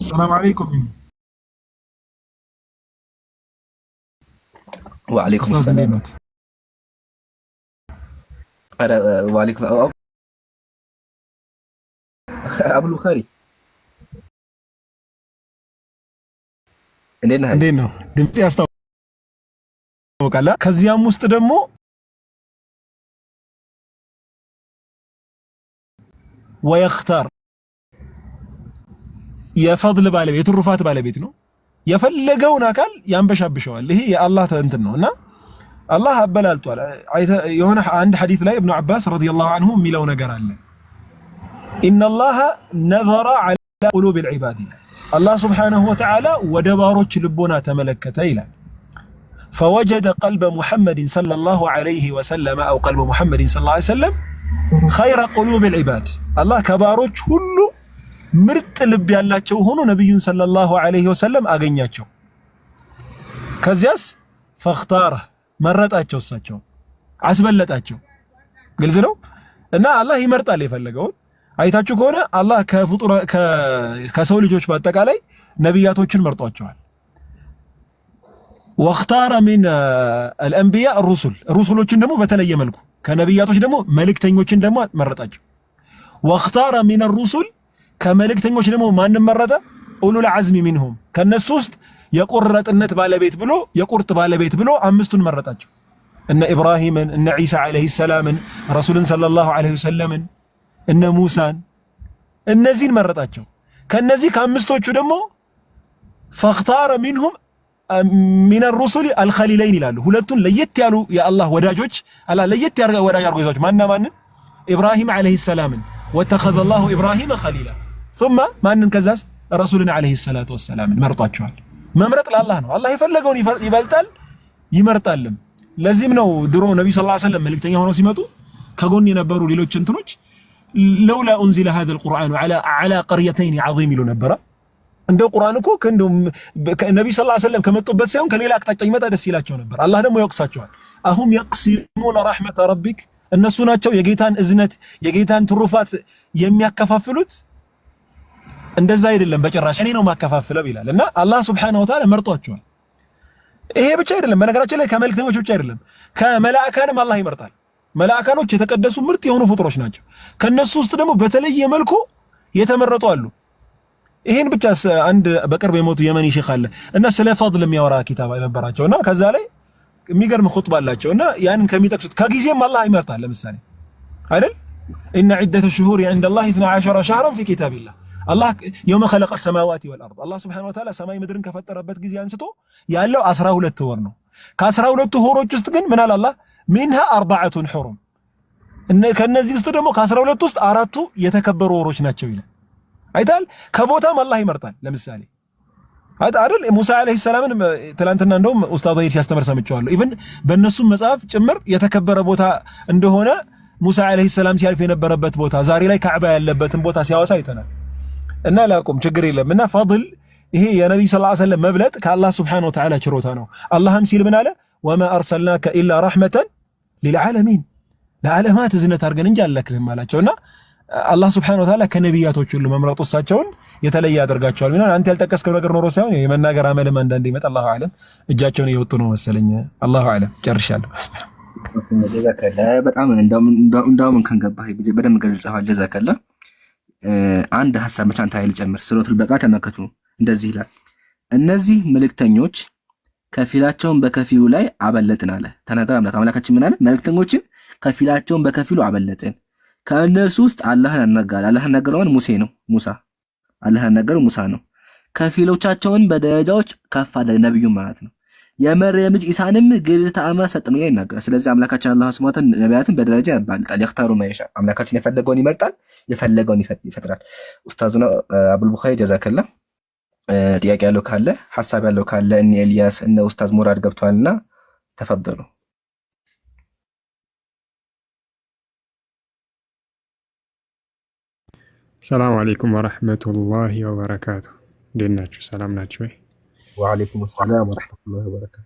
السلام عليكم وعليكم السلام ኧረ ዋሌክም አብሉ እንዴት ነህ? እንዴት ነው? ድምጽ ያስታውቃል። ከዚያም ውስጥ ደግሞ ወየኽታር የፈድል ባለቤት የትሩፋት ባለቤት ነው። የፈለገውን አካል ያንበሻብሸዋል። ይሄ የአላህ እንትን ነው እና አላህ አበላልጧል። የሆነ አንድ ሐዲስ ላይ እብኑ አባስ ረዲየላሁ አንሁ የሚለው ነገር አለ። ኢነላህ ነዘረ ዐላ ቁሉቢል ዒባድ ይላል። አላህ ሱብሓነሁ ወተዓላ ወደ ባሮች ልቦና ተመለከተ ይላል። ፈወጀደ ቀልበ ሙሐመድን ሰለላሁ ዐለይሂ ወሰለም አው ቀልበ ሙሐመድን ሰለላሁ ዐለይሂ ወሰለም ኸይረ ቁሉቢል ዒባድ አላህ ከባሮች ሁሉ ምርጥ ልብ ያላቸው ሆኖ ነብዩን ሰለላሁ ዐለይሂ ወሰለም አገኛቸው። ከዚያስ ፈክታረ መረጣቸው፣ እሳቸው አስበለጣቸው። ግልጽ ነው እና አላህ ይመርጣል የፈለገውን። አይታችሁ ከሆነ አላህ ከፍጡር ከሰው ልጆች በአጠቃላይ ነብያቶችን መርጧቸዋል። ወክታረ ሚን አልአንቢያ ሩሱል ሩሱሎችን ደግሞ በተለየ መልኩ ከነብያቶች ደግሞ መልእክተኞችን ደግሞ መረጣቸው። ወክታረ ሚን ሩሱል ከመልእክተኞች ደግሞ ማንም መረጠ ኡሉል አዝሚ ሚንሁም ከነሱ ውስጥ የቁርጥነት ባለቤት ብሎ የቁርጥ ባለቤት ብሎ አምስቱን መረጣቸው። እነ ኢብራሂምን፣ እነ ዒሳ ዓለይሂ ሰላምን፣ ረሱልን ሰለላሁ ዓለይሂ ወሰለምን፣ እነ ሙሳን እነዚህን መረጣቸው። ከነዚህ ከአምስቶቹ ደግሞ ፈኽታረ ሚንሁም ሚነ ሩሱል አልኸሊለይን ይላሉ። ሁለቱን ለየት ያሉ የአላህ ወዳጆች አላ ለየት ያርጋ ወዳጅ አርጎ ይዟቸው ማና ማንን ኢብራሂም ዓለይሂ ሰላምን ወተኸዘ ላሁ ኢብራሂመ ኸሊላ ثم ማንን ከዛስ ረሱልን አለይሂ ሰላቱ ወሰላምን መርጧቸዋል። መምረጥ ለአላህ ነው። አላህ የፈለገውን ይበልጣል ይመርጣልም። ለዚህም ነው ድሮ ነብዩ ሰለላሁ ዐለይሂ ወሰለም መልእክተኛ ሆነው ሲመጡ ከጎን የነበሩ ሌሎች እንትኖች ለውላ ኡንዚለ ሀዘል ቁርአን ዐላ ቀርየተይን ዐዚም ይሉ ነበረ። እንደው ቁርአን እኮ ከእንደው ነብዩ ሰለላሁ ዐለይሂ ከመጡበት ሳይሆን ከሌላ አቅጣጫ ይመጣ ደስ ይላቸው ነበር። አላህ ደግሞ ያወቅሳቸዋል። አሁም የቅሲሙነ ረሕመተ ረቢክ እነሱ ናቸው የጌታን እዝነት የጌታን ትሩፋት የሚያከፋፍሉት እንደዛ አይደለም በጭራሽ እኔ ነው ማከፋፍለው ይላል እና አላህ ሱብሓነሁ ወተዓላ መርጧቸዋል። ይሄ ብቻ አይደለም፣ በነገራችን ላይ ከመልክተኞች ብቻ አይደለም ከመላእካንም አላህ ይመርጣል። መላእካኖች የተቀደሱ ምርጥ የሆኑ ፍጡሮች ናቸው። ከነሱ ውስጥ ደግሞ በተለየ መልኩ የተመረጡ አሉ። ይሄን ብቻ አንድ በቅርብ የሞቱ የመኒ ሼክ አለ እና ስለ ፈድል የሚያወራ ኪታብ ነበራቸውና ከዛ ላይ የሚገርም ኹጥባ አላቸው እና ያንን ከሚጠቅሱት ከጊዜም አላህ ይመርጣል። ለምሳሌ አይደል ኢነ ዒደተ ሽሁር ዐንደ ላህ ኢስና ዐሸረ ሸህረን ፊ ኪታቢላህ አላህ የውመ ኸለቀ ሰማዋቲ ወልአርድ አላህ ሱብሓነሁ ወተዓላ ሰማይ ምድርን ከፈጠረበት ጊዜ አንስቶ ያለው አስራ ሁለት ወር ነው። ከአስራ ሁለቱ ወሮች ውስጥ ግን ምን አለ አላህ ሚንሃ አርባዕቱን ሑሩም ከእነዚህ ውስጥ ደግሞ ከአስራ ሁለቱ ውስጥ አራቱ የተከበሩ ወሮች ናቸው ይላል። አይታል ከቦታም አላህ ይመርጣል። ለምሳሌ አይደል ሙሳ አለይሂ ሰላምን ትላንትና እንደውም ኡስታዝ አይር ሲያስተምር ሰምቼዋለሁ። ኢቭን በእነሱ መጽሐፍ ጭምር የተከበረ ቦታ እንደሆነ ሙሳ አለይሂ ሰላም ሲያልፍ የነበረበት ቦታ ዛሬ ላይ ካዕባ ያለበትን ቦታ ሲያወሳ አይተናል። እና ላቁም ችግር የለም እና ፈድል ይሄ የነቢይ ስ ሰለም መብለጥ ከአላህ ስብሓን ወተዓላ ችሮታ ነው። አላህም ሲል ምን አለ? ወማ አርሰልናከ ኢላ ረሕመተን ሊልዓለሚን ለዓለማት እዝነት አድርገን እንጂ አልላክልህም አላቸውና አላህ ስብሓን ወተዓላ ከነቢያቶች ሁሉ መምረጡ እሳቸውን የተለየ አድርጋቸዋል። ሚሆን አንተ ያልጠቀስከው ነገር ኖሮ ሳይሆን የመናገር አመልም አንዳንድ ይመጣ አላሁ አለም እጃቸውን እየወጡ ነው መሰለኝ። አላሁ አለም ጨርሻለሁ። በጣም እንደውም እንከንገባ በደንብ ገልጸዋል። ጀዛከላ አንድ ሀሳብ መቻንት ኃይል ጨምር ስሎቱል በቃ ተመከቱ እንደዚህ ይላል። እነዚህ መልእክተኞች ከፊላቸውን በከፊሉ ላይ አበለጥን አለ ተናገር አምላክ አምላካችን ምን አለ? መልእክተኞችን ከፊላቸውን በከፊሉ አበለጥን። ከእነርሱ ውስጥ አላህን አናገረ አላህ ያናገረውን ሙሴ ነው ሙሳ አላህ ያናገረው ሙሳ ነው። ከፊሎቻቸውን በደረጃዎች ከፍ አደረገ ነብዩ ማለት ነው። የመርየም ልጅ ኢሳንም ግልጽ ተአምራት ሰጥም ይናገራል። ስለዚህ አምላካችን አላህ ስማተን ነቢያትን በደረጃ ያባልጣል። የክታሩ ማይሻ አምላካችን የፈለገውን ይመርጣል፣ የፈለገውን ይፈጥራል። ኡስታዙና አቡል ቡኻሪ ጀዛከላ። ጥያቄ ያለው ካለ ሀሳብ ያለው ካለ እነ ኤልያስ እነ ኡስታዝ ሙራድ ገብተዋልና ተፈደሉ። ሰላም አለይኩም ወራህመቱላሂ ወበረካቱ። እንዴት ናችሁ? ሰላም ናችሁ ወይ? وعليكم السلام ورحمة الله وبركاته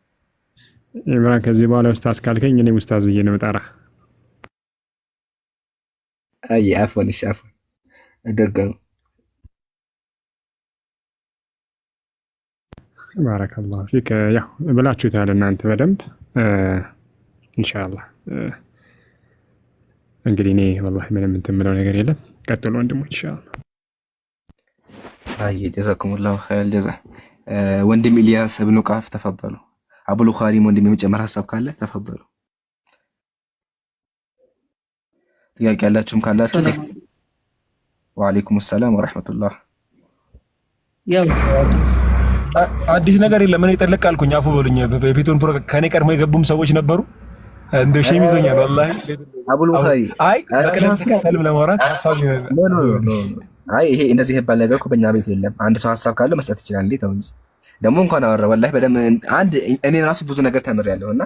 إبراك زبالة أستاذ كالكين يلي أستاذ بيجينا متعرح أي عفوا إيش عفوا أدقن بارك الله فيك يا بلا تشوت على أنت بدمت آه إن شاء الله آه انقليني والله من من تملون قليلا قتلوا عندهم ان شاء الله هاي جزاكم الله خير الجزاء ወንድም ኢልያስ እብኑ ቃፍ ተፈጠሉ አቡል ኻሪም ወንድም የመጨመር ሀሳብ ካለ ተፈበሉ። ጥያቄ ያላችሁም ካላችሁ ወአለይኩም ሰላም ወረሕመቱላህ። አዲስ ነገር የለም። እኔ ጠለቅ አልኩኝ። አፉ በሉኝ። የቤቱን ከኔ ቀድሞ የገቡም ሰዎች ነበሩ እንደ ሺህ ይዞኛል ወላሂ አቡል ቡኻሪ አይ በቅደም ተከተልም ለማውራት ሀሳብ አይ ይሄ እንደዚህ ይባል ነገር እኮ በእኛ ቤት የለም። አንድ ሰው ሀሳብ ካለው መስጠት ይችላል። እንዴት ነው እንጂ ደግሞ እንኳን አወራ ወላሂ በደምብ አንድ እኔ ራሱ ብዙ ነገር ተምሬያለሁ። እና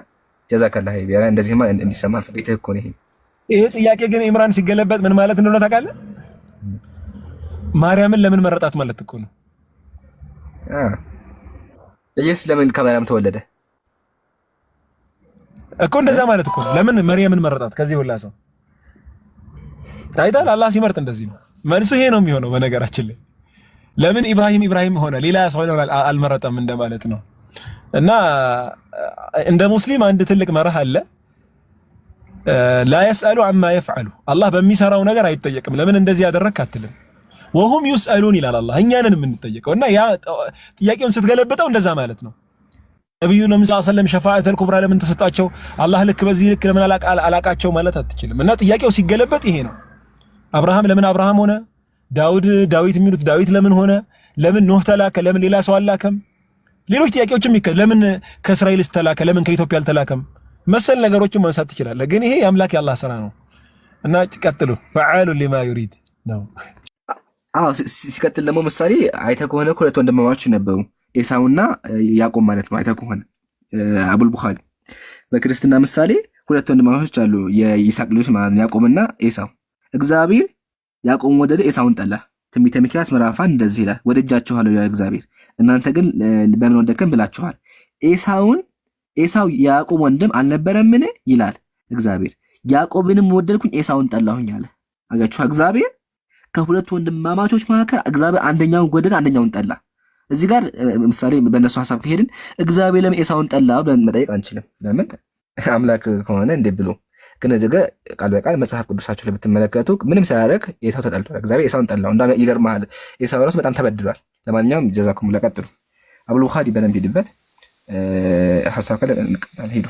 ጀዛከላህ ቢራ እንደዚህ ማ እንዲሰማ ቤትህ እኮ ነው ይሄ። ይሄ ጥያቄ ግን ኢምራን ሲገለበጥ ምን ማለት እንደሆነ ታውቃለህ? ማርያምን ለምን መረጣት ማለት እኮ ነው። ኢየሱስ ለምን ከማርያም ተወለደ? እኮ እንደዛ ማለት እኮ ለምን መርየምን መረጣት? ከዚህ ሁላ ሰው ታይታል። አላህ ሲመርጥ እንደዚህ ነው። መልሱ ይሄ ነው የሚሆነው። በነገራችን ላይ ለምን ኢብራሂም ኢብራሂም ሆነ ሌላ ሰው አልመረጠም እንደማለት ነው። እና እንደ ሙስሊም አንድ ትልቅ መርህ አለ። ላ የስአሉ አማ የፍዓሉ አላህ በሚሰራው ነገር አይጠየቅም። ለምን እንደዚህ ያደረክ አትልም። ወሁም ዩስአሉን ይላል አላህ፣ እኛንን የምንጠየቀው እና ያ ጥያቄውን ስትገለብጠው እንደዛ ማለት ነው። ነቢዩ ነብዩ ሰለላሁ ዐለይሂ ወሰለም ኩብራ ለምን ተሰጣቸው? አላህ ልክ በዚህ ልክ ለምን አላቃቸው ማለት አትችልም። እና ጥያቄው ሲገለበጥ ይሄ ነው። አብርሃም ለምን አብርሃም ሆነ? ዳውድ ዳዊት የሚሉት ዳዊት ለምን ሆነ? ለምን ኖህ ተላከ? ለምን ሌላ ሰው አላከም? ሌሎች ጥያቄዎችም ይከ ለምን ከእስራኤልስ ተላከ? ለምን ከኢትዮጵያ አልተላከም? መሰል ነገሮችን ማንሳት ትችላለህ። ግን ይሄ የአምላክ የአላህ ስራ ነው እና ቀጥሉ። ፈዓሉ ሊማ ዩሪድ ነው። ሲቀጥል ደግሞ ምሳሌ አይተህ ከሆነ ሁለት ወንድማማች ነበሩ ኤሳውና ያዕቆብ ማለት ነው። አይተህ ከሆነ አቡል ቡኻሪ በክርስትና ምሳሌ ሁለት ወንድማማቾች አሉ፣ የይስሐቅ ልጆች ማለት ነው፣ ያዕቆብና ኤሳው። እግዚአብሔር ያዕቆብን ወደደ፣ ኤሳውን ጠላ። ትንቢተ ሚክያስ ምዕራፍ አንድ እንደዚህ ይላል፣ ወድጃችኋለሁ ይላል እግዚአብሔር፣ እናንተ ግን በምን ወደድከን ብላችኋል። ኤሳውን ኤሳው ያዕቆብ ወንድም አልነበረምን ይላል እግዚአብሔር። ያዕቆብንም ወደድኩኝ ኤሳውን ጠላሁኝ አለ። አጋችሁ እግዚአብሔር ከሁለቱ ወንድማማቾች መካከል እግዚአብሔር አንደኛውን ወደደ፣ አንደኛውን ጠላ። እዚህ ጋር ምሳሌ በእነሱ ሀሳብ ከሄድን እግዚአብሔር ለምን ኤሳውን ጠላ ብለን መጠየቅ አንችልም። ለምን አምላክ ከሆነ እንዴ ብሎ ግን እዚህ ጋር ቃል በቃል መጽሐፍ ቅዱሳቸው ላይ ብትመለከቱ ምንም ሳያደርግ ኤሳው ተጠልቷል። እግዚአብሔር ኤሳውን ጠላው። እንዳ ይገርምሃል፣ ኤሳው ራሱ በጣም ተበድሏል። ለማንኛውም ጀዛኩም ለቀጥሉ አብሉ ሀዲ በደንብ ሄድበት ሀሳብ ካለ እንቀጥላለን። ሄዱ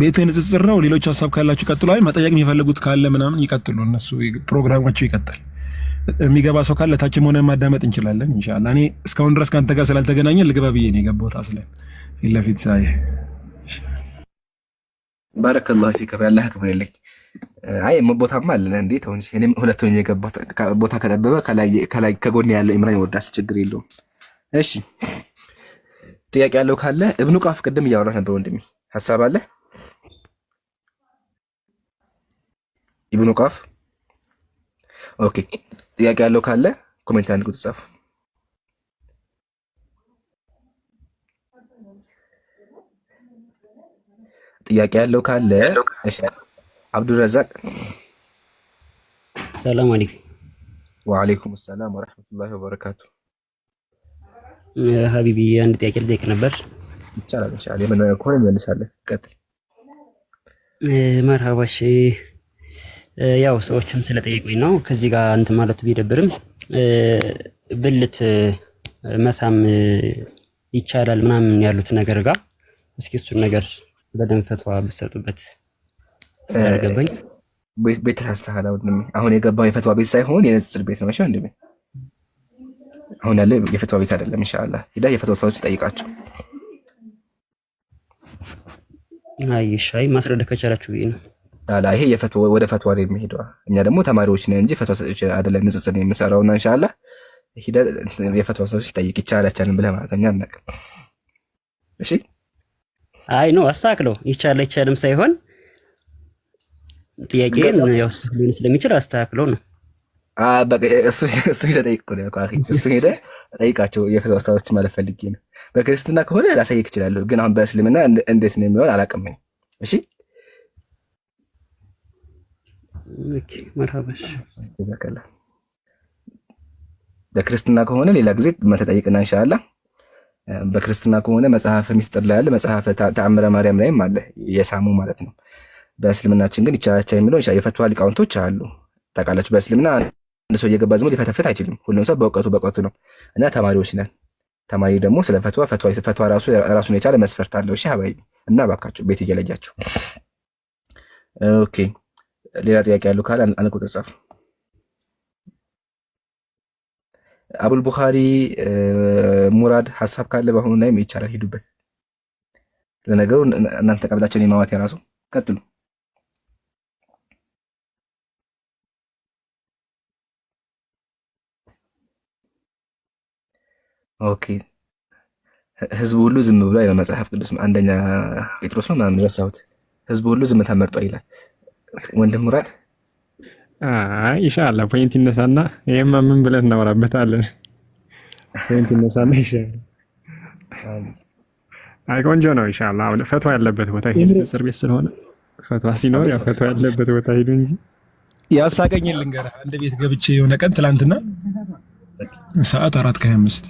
ቤቱ ንጽጽር ነው። ሌሎች ሀሳብ ካላችሁ ይቀጥሉ። አይ መጠየቅ የሚፈልጉት ካለ ምናምን ይቀጥሉ። እነሱ ፕሮግራማቸው ይቀጥል። የሚገባ ሰው ካለ ታችም ሆነ ማዳመጥ እንችላለን። ኢንሻላህ እኔ እስካሁን ድረስ ከአንተ ጋር ስላልተገናኘ ልግባ ብዬ ነው የገባሁት። አስለን ፊት ለፊት ሳይ ባረከላሁ ፊክ ያለ ህክም የለኝ። አይ ቦታማ አለን እንዴት ሆን እኔም ሁለት ሆኜ የገባሁት ቦታ ከጠበበ ከላይ ከጎን ያለው ኢምራን ይወርዳል። ችግር የለውም። እሺ ጥያቄ ያለው ካለ እብኑ ቃፍ ቅድም እያወራት ነበር ወንድሜ፣ ሀሳብ አለ ኢብኑ ቃፍ ኦኬ። ጥያቄ ያለው ካለ ኮሜንት አንድ ቁጥ ጻፉ። ጥያቄ ያለው ካለ አብዱረዛቅ። ሰላም አለይኩም። ወአለይኩም ሰላም ወረሕመቱላሂ ወበረካቱ። ሀቢቢ አንድ ጥያቄ ልጠይቅ ነበር። ይቻላል ይቻላል። የምን ከሆነ እንመልሳለን። ቀጥል። መርሃባሽ ያው ሰዎችም ስለጠየቁኝ ነው። ከዚህ ጋር እንትን ማለቱ ቢደብርም ብልት መሳም ይቻላል ምናምን ያሉት ነገር ጋር እስኪ እሱን ነገር በደንብ ፈትዋ ብትሰጡበት ገባኝ። ቤት ተሳስተሃል ወንድሜ። አሁን የገባው የፈትዋ ቤት ሳይሆን የነጽር ቤት ነው። እሺ ወንድሜ፣ አሁን ያለው የፈትዋ ቤት አይደለም። ኢንሻአላህ ሄዳ የፈትዋ ሰዎች ጠይቃቸው። አይ ሻይ ማስረዳት ከቻላችሁ ብዬ ነው። ይሄ ወደ ፈትዋ ነው የሚሄደው። እኛ ደግሞ ተማሪዎች ነን እንጂ ፈትዋ ሰጪዎች አይደለም። ንጽጽር ነው የምንሰራው እና ኢንሻላህ የፈትዋ ሰዎች ጠይቅ ይቻላል አይቻልም ብለህ ማለት እኛ አናውቅም። እሺ አይ ነው አስተካክለው ይቻላል አይቻልም ሳይሆን ጥያቄን ያው ሊሆን ስለሚችል አስተካክለው ነው እሱ ሄደ ጠይቅ እሱ ሄደ ጠይቃቸው። የፈትዋ ስታዎች ማለት ፈልጌ ነው። በክርስትና ከሆነ ላሳየቅ እችላለሁ፣ ግን አሁን በእስልምና እንዴት ነው የሚሆን አላቅምኝ። እሺ በክርስትና ለክርስትና ከሆነ ሌላ ጊዜ መተጠይቅና እንሻላ። በክርስትና ከሆነ መጽሐፈ ሚስጥር ላይ አለ፣ መጽሐፈ ተአምረ ማርያም ላይም አለ የሳሙ ማለት ነው። በእስልምናችን ግን ይቻቻ የሚለው የፈትዋ ሊቃውንቶች አሉ። ታውቃላችሁ፣ በእስልምና አንድ ሰው እየገባ ዝም ሊፈተፍት አይችልም። ሁሉም ሰው በእውቀቱ በእውቀቱ ነው እና ተማሪዎች ነን። ተማሪ ደግሞ ስለ ፈትዋ ፈትዋ ራሱን የቻለ መስፈርት አለው። እሺ ሀባይ እና እባካችሁ ቤት እየለያችሁ ኦኬ ሌላ ጥያቄ ያለው ካለ አንድ ቁጥር ጻፍ። አቡል ቡኻሪ ሙራድ ሀሳብ ካለ በአሁኑ ላይም ይቻላል፣ ሂዱበት። ለነገሩ እናንተ ቀብላቸውን ማማት የራሱ ቀጥሉ። ኦኬ ህዝቡ ሁሉ ዝም ብሎ ይላል መጽሐፍ ቅዱስ አንደኛ ጴጥሮስ ነው ምናምን ረሳሁት። ህዝቡ ሁሉ ዝምታን መርጧል ይላል። ወንድም ሙራድ ኢንሻላህ ፖይንት ይነሳና ይሄማ ምን ብለን እናወራበታለን። ፖይንት ይነሳና ይሻላል። አይ ቆንጆ ነው። ኢንሻላህ አሁን ፈትዋ ያለበት ቦታ ሄድ። እስር ቤት ስለሆነ ፈቷ ሲኖር ያው ፈቷ ያለበት ቦታ ሄዱ እንጂ ያሳቀኝ ልንገርህ። አንድ ቤት ገብቼ የሆነ ቀን ትላንትና ሰዓት አራት ከሀያ አምስት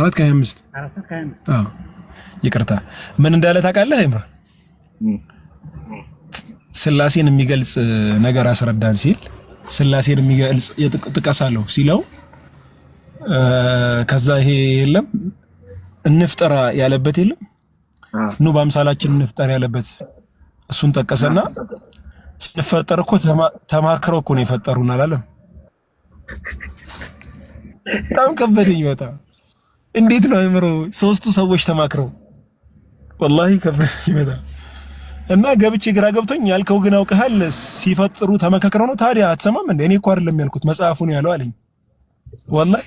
አራት ከሀያ አምስት ይቅርታ ምን እንዳለ ታውቃለህ? ይምራል ስላሴን የሚገልጽ ነገር አስረዳን ሲል ስላሴን የሚገልጽ ጥቀሳለሁ ሲለው ከዛ ይሄ የለም እንፍጠራ ያለበት የለም ኑ በአምሳላችን እንፍጠር ያለበት እሱን ጠቀሰና ስንፈጠር እኮ ተማክረው እኮ ነው የፈጠሩን አላለም። በጣም ከበደኝ። በጣም እንዴት ነው አይምሮ ሶስቱ ሰዎች ተማክረው፣ ወላሂ ከበደኝ በጣም እና ገብቼ ግራ ገብቶኝ ያልከው ግን አውቀሃል፣ ሲፈጥሩ ተመካክረው ነው። ታዲያ አትሰማም እንዴ? እኔ እኮ አይደለም ያልኩት መጽሐፉን ያለው አለኝ። ወላሂ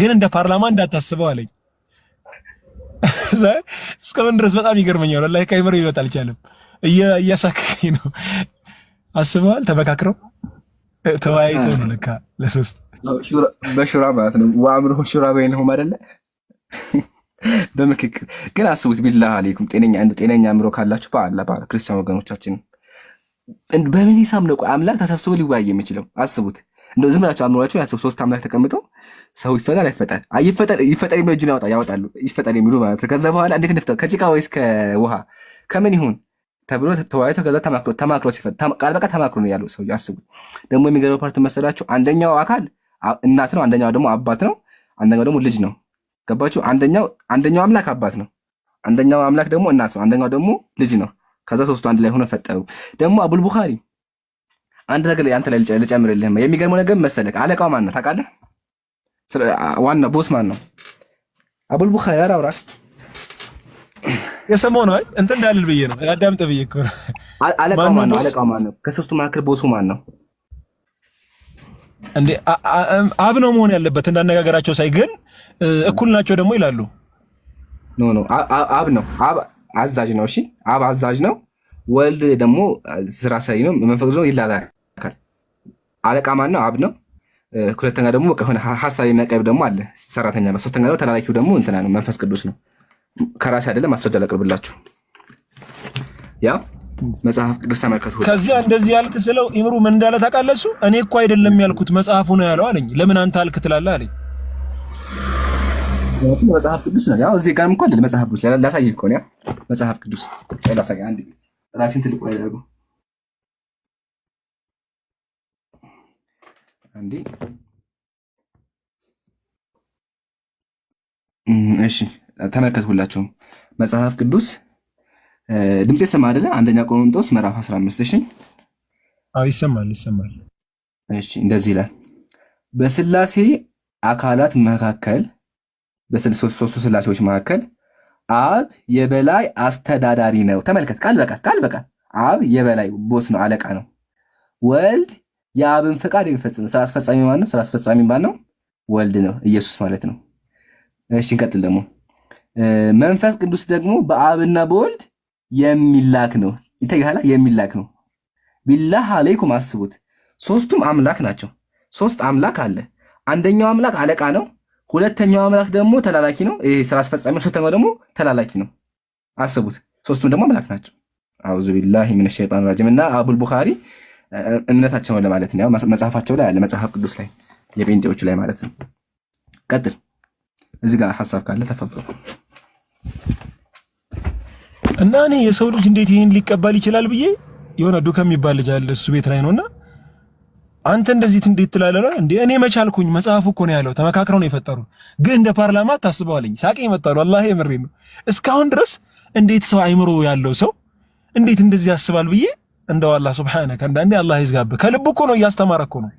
ግን እንደ ፓርላማ እንዳታስበው አለኝ። እስካሁን ድረስ በጣም ይገርመኛል። ወላሂ ከአይምሮ ይወጣ አልቻለም። እያሳከኝ ነው። አስበዋል። ተመካክረው ተወያይተው ነው ለካ ለሶስት በሹራ ማለት ነው። ዋምሮ ሹራ በይነሁም አይደለ በምክክር ግን አስቡት። ቢላ አሌይኩም ጤነኛ ጤነኛ አእምሮ ካላችሁ በአላ በአላ ክርስቲያን ወገኖቻችን በምን ሂሳብ ነው አምላክ ተሰብስቦ ሊወያይ የሚችለው? አስቡት። እንደ ዝም ብላቸው አእምሯቸው ያስቡ። ሶስት አምላክ ተቀምጦ ሰው ይፈጠር አይፈጠር ይፈጠር ይፈጠር የሚለው እጁን ያወጣ ያወጣሉ ይፈጠር የሚሉ ማለት ነው። ከዛ በኋላ እንዴት ንፍጠው ከጭቃ ወይስ ከውሃ ከምን ይሁን ተብሎ ተወያይቶ ከዛ ተማክሮ ተማክሮ ቃል በቃ ተማክሮ ነው ያለው ሰው። አስቡት ደግሞ የሚገርመው ፓርት መሰላችሁ አንደኛው አካል እናት ነው፣ አንደኛው ደግሞ አባት ነው፣ አንደኛው ደግሞ ልጅ ነው። ገባችሁ? አንደኛው አንደኛው አምላክ አባት ነው። አንደኛው አምላክ ደግሞ እናት ነው። አንደኛው ደግሞ ልጅ ነው። ከዛ ሶስቱ አንድ ላይ ሆነ ፈጠሩ። ደግሞ አቡል ቡኻሪ አንድ ነገር ላይ አንተ ላይ ልጨምርልህ የሚገርመው ነገር መሰለህ፣ አለቃው ማን ነው ታውቃለህ? ዋና ቦስ ማን ነው? አቡል ቡኻሪ አራውራ የሰማው ነው እንትን እንዳልል ብዬ ነው። አዳምጥ ብዬ እኮ ነው። አለቃው ማን ነው? አለቃው ማን ነው? ከሶስቱ መካከል ቦሱ ማን ነው? እንዴ አብ ነው መሆን ያለበት እንዳነጋገራቸው ሳይ ግን እኩል ናቸው ደግሞ ይላሉ። ኖ ኖ አብ ነው አብ አዛዥ ነው። እሺ አብ አዛዥ ነው። ወልድ ደግሞ ስራ ሰሪ ነው። መንፈስ ነው ይላላካል። አለቃ ማን ነው? አብ ነው። ሁለተኛ ደግሞ በቃ የሆነ ሀሳብ የሚያቀርብ ደግሞ አለ ሰራተኛ። ነው። ሶስተኛ ደግሞ ተላላኪው ደግሞ እንትና ነው መንፈስ ቅዱስ ነው። ከራሴ አይደለም ማስረጃ ላቅርብላችሁ ያው መጽሐፍ ቅዱስ ተመልከቱ። ከዚያ እንደዚህ ያልክ ስለው ኢምሩ ምን እንዳለ ታውቃለህ? እሱ እኔ እኮ አይደለም ያልኩት መጽሐፉ ነው ያለው አለኝ። ለምን አንተ አልክ ትላለህ አለኝ። መጽሐፍ ቅዱስ ነው ያው እዚህ ጋርም እኮ አለ መጽሐፍ ቅዱስ ላሳየህ እኮ ነው ያ መጽሐፍ ቅዱስ ላሳየህ አንድ ራሴን ትልቁ ያደርጉ አንዴ እሺ ተመልከት ሁላችሁም መጽሐፍ ቅዱስ ድምፅ ይሰማ አይደለ? አንደኛ ቆሮንቶስ ምዕራፍ 15 እሺ፣ ይሰማል ይሰማል። እሺ፣ እንደዚህ ይላል በስላሴ አካላት መካከል በሶስቱ ስላሴዎች መካከል አብ የበላይ አስተዳዳሪ ነው። ተመልከት፣ ቃል በቃል ቃል በቃል አብ የበላይ ቦስ ነው፣ አለቃ ነው። ወልድ የአብን ፈቃድ የሚፈጽም ስራ አስፈጻሚ ማን ነው? ስራ አስፈጻሚ ማን ነው? ወልድ ነው፣ ኢየሱስ ማለት ነው። እሺ፣ እንቀጥል ደግሞ መንፈስ ቅዱስ ደግሞ በአብና በወልድ የሚላክ ነው። ይተጋላ የሚላክ ነው። ቢላህ አለይኩም አስቡት። ሶስቱም አምላክ ናቸው። ሶስት አምላክ አለ። አንደኛው አምላክ አለቃ ነው። ሁለተኛው አምላክ ደግሞ ተላላኪ ነው፣ ይሄ ስራ አስፈጻሚ። ሶስተኛው ደግሞ ተላላኪ ነው። አስቡት። ሶስቱም ደግሞ አምላክ ናቸው። አዑዙ ቢላሂ ሚነ ሸይጣን ራጂም እና አቡል ቡኻሪ እምነታቸው ነው ለማለት ነው። መጽሐፋቸው ላይ አለ፣ መጽሐፍ ቅዱስ ላይ የጴንጤዎቹ ላይ ማለት ነው። ቀጥል። እዚህ ጋር ሐሳብ ካለ ተፈጠሩ እና እኔ የሰው ልጅ እንዴት ይህን ሊቀበል ይችላል ብዬ የሆነ ዱከ የሚባል ልጅ አለ እሱ ቤት ላይ ነውና አንተ እንደዚህ እንዴት ትላለህ? እንዴ እኔ መቻልኩኝ። መጽሐፉ እኮ ነው ያለው፣ ተመካክረው ነው የፈጠሩ። ግን እንደ ፓርላማ ታስበዋለኝ። ሳቄ ይመጣሉ። አላህ የምሬ ነው። እስካሁን ድረስ እንዴት ሰው አይምሮ ያለው ሰው እንዴት እንደዚህ ያስባል ብዬ እንደው አላህ ሱብሓነከ አንዳንዴ አላህ ይዝጋብህ። ከልብ እኮ ነው እያስተማረ እኮ ነው።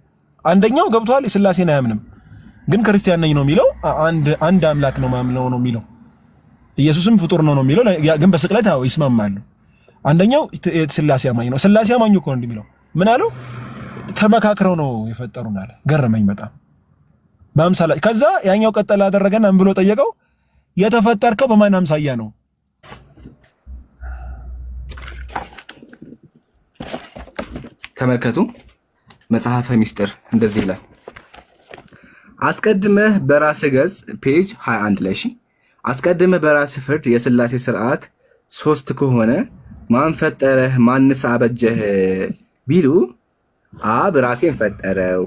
አንደኛው ገብቷል። የሥላሴን አያምንም ግን ክርስቲያን ነኝ ነው የሚለው። አንድ አንድ አምላክ ነው ማምነው ነው የሚለው ኢየሱስም ፍጡር ነው ነው የሚለው ግን በስቅለት ያው ይስማማሉ። አንደኛው ስላሴ አማኝ ነው። ስላሴ አማኝ እኮ ነው የሚለው ምን አለው? ተመካክረው ነው የፈጠሩን አለ። ገረመኝ በጣም በአምሳላ ከዛ ያኛው ቀጠለ አደረገና ብሎ ጠየቀው? የተፈጠርከው በማን አምሳያ ነው? ተመልከቱ መጽሐፈ ሚስጥር እንደዚህ ይላል። አስቀድመህ በራስህ ገጽ ፔጅ 21 ላይ እሺ አስቀድመህ በራስህ ፍርድ የስላሴ ስርዓት ሶስት ከሆነ ማን ፈጠረህ? ማንስ አበጀህ? ቢሉ አብ ራሴን ፈጠረው፣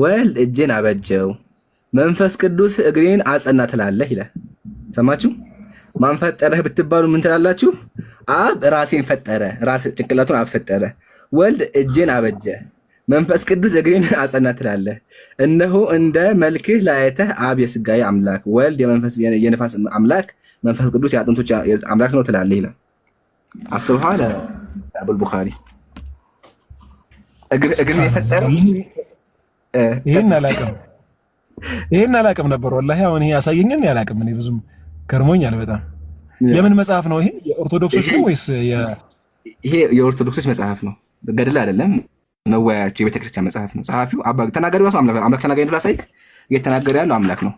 ወልድ እጄን አበጀው፣ መንፈስ ቅዱስ እግሬን አጸና ትላለህ ይላል። ሰማችሁ? ማን ፈጠረህ ብትባሉ ምን ትላላችሁ? አብ ራሴን ፈጠረ፣ ራስ ጭንቅላቱን አብ ፈጠረ፣ ወልድ እጄን አበጀ መንፈስ ቅዱስ እግሬን አጸና ትላለህ። እነሆ እንደ መልክህ ላይተህ አብ የስጋዬ አምላክ፣ ወልድ የነፋስ አምላክ፣ መንፈስ ቅዱስ የአጥንቶች አምላክ ነው ትላለህ ይላል። አስብሃል አቡል ቡኻሪ እግር የፈጠረው ይህን አላቅም ይህን አላቅም ነበር ወላሂ። አሁን ይሄ ያሳየኝን ያላቅም እኔ ብዙም ገርሞኛል በጣም። የምን መጽሐፍ ነው ይሄ? የኦርቶዶክሶች ነው ወይስ? ይሄ የኦርቶዶክሶች መጽሐፍ ነው፣ ገድል አይደለም። መወያያቸው የቤተክርስቲያን መጽሐፍ ነው። ጸሐፊው ተናጋሪ ራሱ አምላክ ተናጋሪ ድራ ሳይክ እየተናገረ ያለው አምላክ ነው።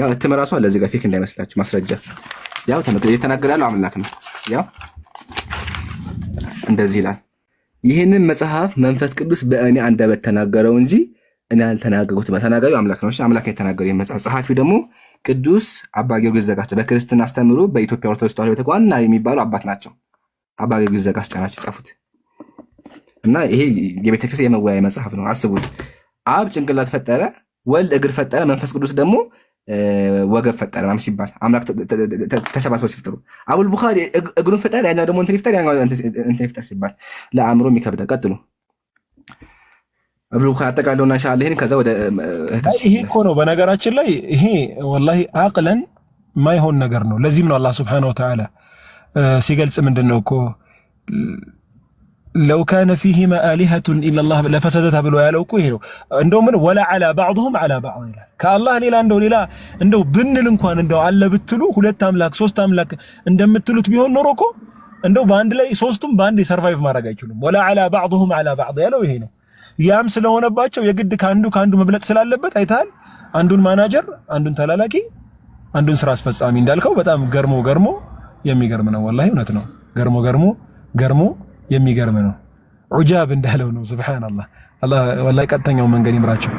ያው እትም ራሱ አለ እዚህ ጋር ፌክ እንዳይመስላችሁ ማስረጃ። ያው እየተናገረ ያለው አምላክ ነው። ያው እንደዚህ ይላል። ይህንን መጽሐፍ መንፈስ ቅዱስ በእኔ አንደበት ተናገረው እንጂ እኔ አልተናገርኩት። ተናጋሪው አምላክ ነው። አምላክ የተናገረ መጽሐፍ ጸሐፊው ደግሞ ቅዱስ አባ ጊዮርጊስ ዘጋስጫ በክርስትና አስተምሮ በኢትዮጵያ ኦርቶዶክስ ተዋህዶ ቤተክርስቲያን ዋና የሚባሉ አባት ናቸው። አባ ጊዮርጊስ ዘጋስጫ ናቸው የጻፉት። እና ይሄ የቤተክርስቲያን የመወያይ መጽሐፍ ነው። አስቡት፣ አብ ጭንቅላት ፈጠረ፣ ወልድ እግር ፈጠረ፣ መንፈስ ቅዱስ ደግሞ ወገብ ፈጠረ ምናምን ሲባል አምላክ ተሰባስበው ሲፍጥሩ አቡል ቡኻሪ እግሩን ፈጠረ፣ ያኛው ደግሞ እንትን ይፍጠር፣ ያኛው እንትን ይፍጠር ሲባል ለአእምሮ የሚከብደ ቀጥሉ አቡል ቡኻሪ ሻለ ከዛ ወደ ይሄ እኮ ነው። በነገራችን ላይ ይሄ ወላሂ አቅለን ማይሆን ነገር ነው። ለዚህም ነው አላህ ሱብሓነሁ ወተዓላ ሲገልጽ ምንድን ነው እኮ ለው ካነ ፊሂማ አሊሀቱን ኢለላህ ለፈሰደታ ብሎ ያለው እኮ ይሄ ነው። እንደው ምን ወላ ዐላ ባዕድሁም ዐላ ባዕድ ይላል። ከአላህ ሌላ እንደው ሌላ እንደው ብንል እንኳን እንደው አለ ብትሉ ሁለት አምላክ ሶስት አምላክ እንደምትሉት ቢሆን ኖሮ እኮ እንደው በአንድ ላይ ሶስቱም በአንድ ሰርቫይቭ ማድረግ አይችሉም። ወላ ዐላ ባዕድሁም ዐላ ባዕድ ያለው ይሄ ነው። ያም ስለሆነባቸው የግድ ከአንዱ ከአንዱ መብለጥ ስላለበት አይተሃል፣ አንዱን ማናጀር፣ አንዱን ተላላኪ፣ አንዱን ስራ አስፈጻሚ እንዳልከው በጣም ገርሞ ገርሞ የሚገርም ነው። ወላሂ እውነት ነው። ገርሞ ገርሞ ገርሞ የሚገርም ነው። ዑጃብ እንዳለው ነው። ሱብሃንአላህ አላህ ወላሂ ቀጥተኛው መንገድ ይምራቸው።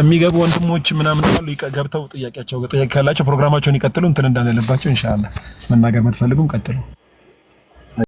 የሚገቡ ወንድሞች ምናምን ካሉ ገብተው ጥያቄያቸው ጥያቄ ካላቸው ፕሮግራማቸውን ይቀጥሉ። እንትን እንዳለባቸው ኢንሻአላህ መናገር መትፈልጉም ቀጥሉ።